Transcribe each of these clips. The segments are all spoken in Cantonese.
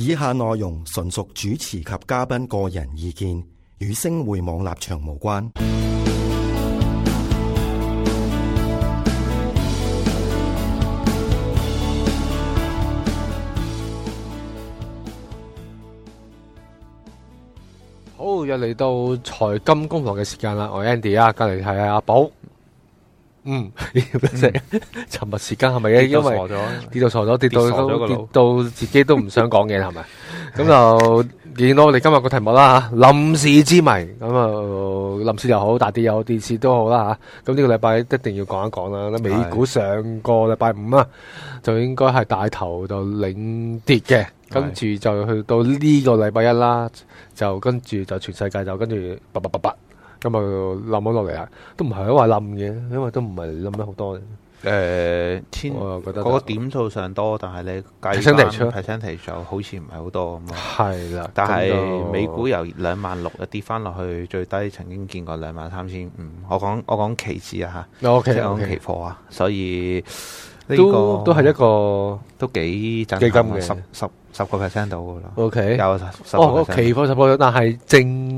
以下內容純屬主持及嘉賓個人意見，與星匯網立場無關。好，又嚟到財金工房嘅時間啦，我 Andy 啊，隔籬係阿寶。嗯，即係沉默時間係咪嘅？跌到傻咗，跌到傻咗，跌到跌到自己都唔想講嘢，係咪？咁就見到我哋今日個題目啦吓，冧市之迷。咁啊，冧市又好，大跌又好，跌市都好啦吓。咁呢個禮拜一定要講一講啦。美股上個禮拜五啊，就應該係大頭就領跌嘅，跟住就去到呢個禮拜一啦，就跟住就全世界就跟住八八八八。咁咪冧咗落嚟啊？都唔係啊，話冧嘅，因為都唔係冧得好多嘅。誒，千嗰、就是、個點數上多，但係你計 percentage 就好似唔係好多咁啊。係啦的，但係美股由兩萬六一跌翻落去，最低曾經見過兩萬三千五。我講我講期指啊吓，即係講期貨啊，所以呢、這個都係一個都幾震撼嘅十十十個 percent 到噶啦。O Okay . K，有十個期貨十個，oh, okay, 但係正。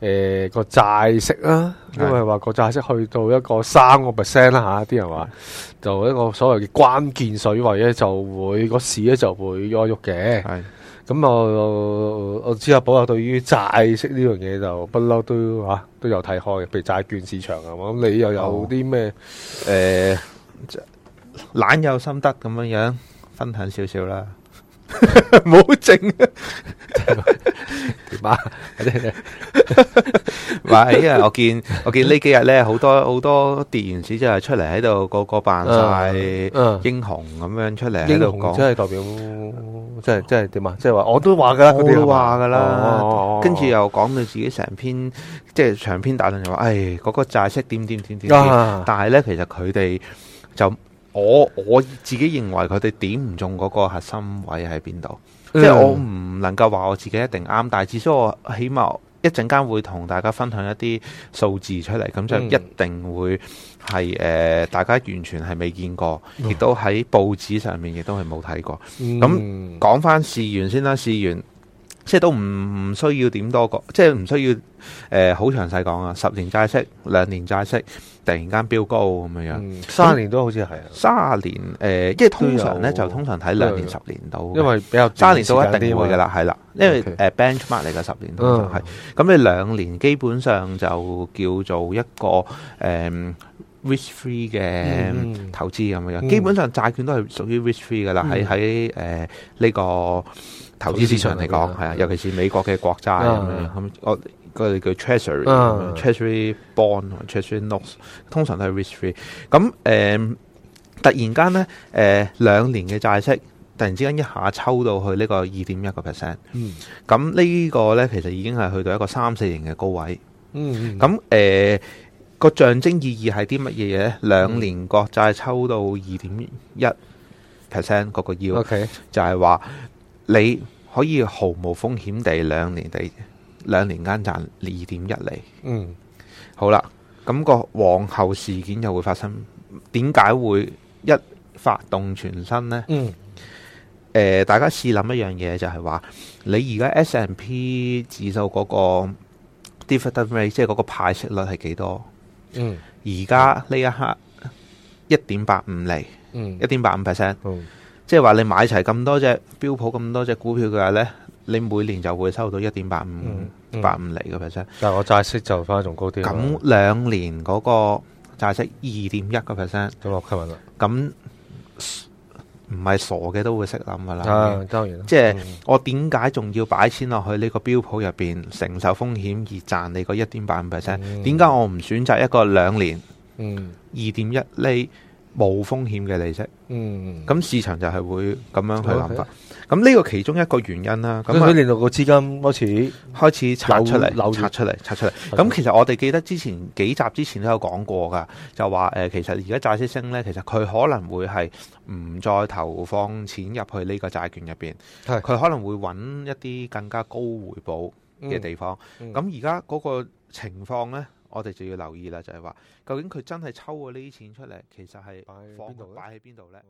誒，個債、呃、息啦，因為話個債息去到一個三個 percent 啦吓，啲、啊、人話就一個所謂嘅關鍵水位咧，就會個市咧就會喐喐嘅。係，咁啊，我知阿寶啊，對於債息呢樣嘢就不嬲都吓都有睇開嘅，譬如債券市場啊，咁你又有啲咩誒、懶、哦、呃、有心得咁樣樣，分享少少啦。冇證，點啊？喂，我見我見呢幾日咧，好多好多跌完市就係出嚟，喺度個個扮晒英雄咁樣出嚟喺度講，即係代表，即係即係點啊？即係話我都話噶啦，都話噶啦，跟住又講到自己成篇，即係長篇大論，就話誒嗰個債息點點點點，但係咧其實佢哋就。我我自己認為佢哋點唔中嗰個核心位喺邊度，即係我唔能夠話我自己一定啱，但係至少我起碼一陣間會同大家分享一啲數字出嚟，咁就一定會係誒、呃、大家完全係未見過，亦都喺報紙上面亦都係冇睇過。咁講翻事源先啦，事源。即係都唔需要點多個，即係唔需要誒好、呃、詳細講啊！十年債息、兩年債息，突然間飆高咁樣樣，三、嗯、年都好似係啊！三年誒，即、呃、係有通常咧有就通常睇兩年、十年到，因為比較三年到一定會嘅啦，係啦，因為誒 benchmark 嚟嘅十年通常係，咁你兩年基本上就叫做一個誒。嗯 Risk-free 嘅投資咁樣，基本上債券都係屬於 Risk-free 㗎喇。喺喺誒呢個投資市場嚟講係啊，尤其是美國嘅國債咁樣。咁我哋叫 Treasury、Treasury Bond、Treasury Notes，通常都係 Risk-free。咁誒，突然間咧，誒兩年嘅債息突然之間一下抽到去呢個二點一個 percent。嗯，咁呢個咧其實已經係去到一個三四年嘅高位。嗯，咁誒。個象徵意義係啲乜嘢嘢？兩年國債抽到二點一 percent，個個要，yield, Okay. 就係話你可以毫無風險地兩年地兩年間賺二點一厘。嗯，好啦，咁，那個往後事件又會發生？點解會一發動全身咧？嗯，誒、呃，大家試諗一樣嘢，就係、是、話你而家 S&P 指數嗰個 dividend rate，即係嗰個派息率係幾多？嗯，而家呢一刻一點八五厘，嗯，一點八五 percent，嗯，即係話你買齊咁多隻標普咁多隻股票嘅話咧，你每年就會收到，到一點八五，八五釐嘅 percent。但係我債息就翻仲高啲。咁兩年嗰個債息二點一個 percent。咁落嚟咪得。唔係傻嘅都會識諗噶啦，啊當然，即係我點解仲要擺錢落去呢個標普入邊承受風險而賺你個一點八五 percent？點解我唔選擇一個兩年，嗯，二點一厘？冇風險嘅利息，嗯，咁市場就係會咁樣去諗法。咁呢 Okay. 個其中一個原因啦，咁佢令到個資金開始開始拆出嚟，拆出嚟，拆出嚟。咁的、嗯嗯、其實我哋記得之前幾集之前都有講過噶，就話誒、呃，其實而家債息升咧，其實佢可能會係唔再投放錢入去呢個債券入邊，佢的可能會揾一啲更加高回報嘅地方。咁而家嗰個情況呢。我哋就要留意啦，就係話，究竟佢真係抽咗呢啲錢出嚟，其實係放擺喺邊度咧？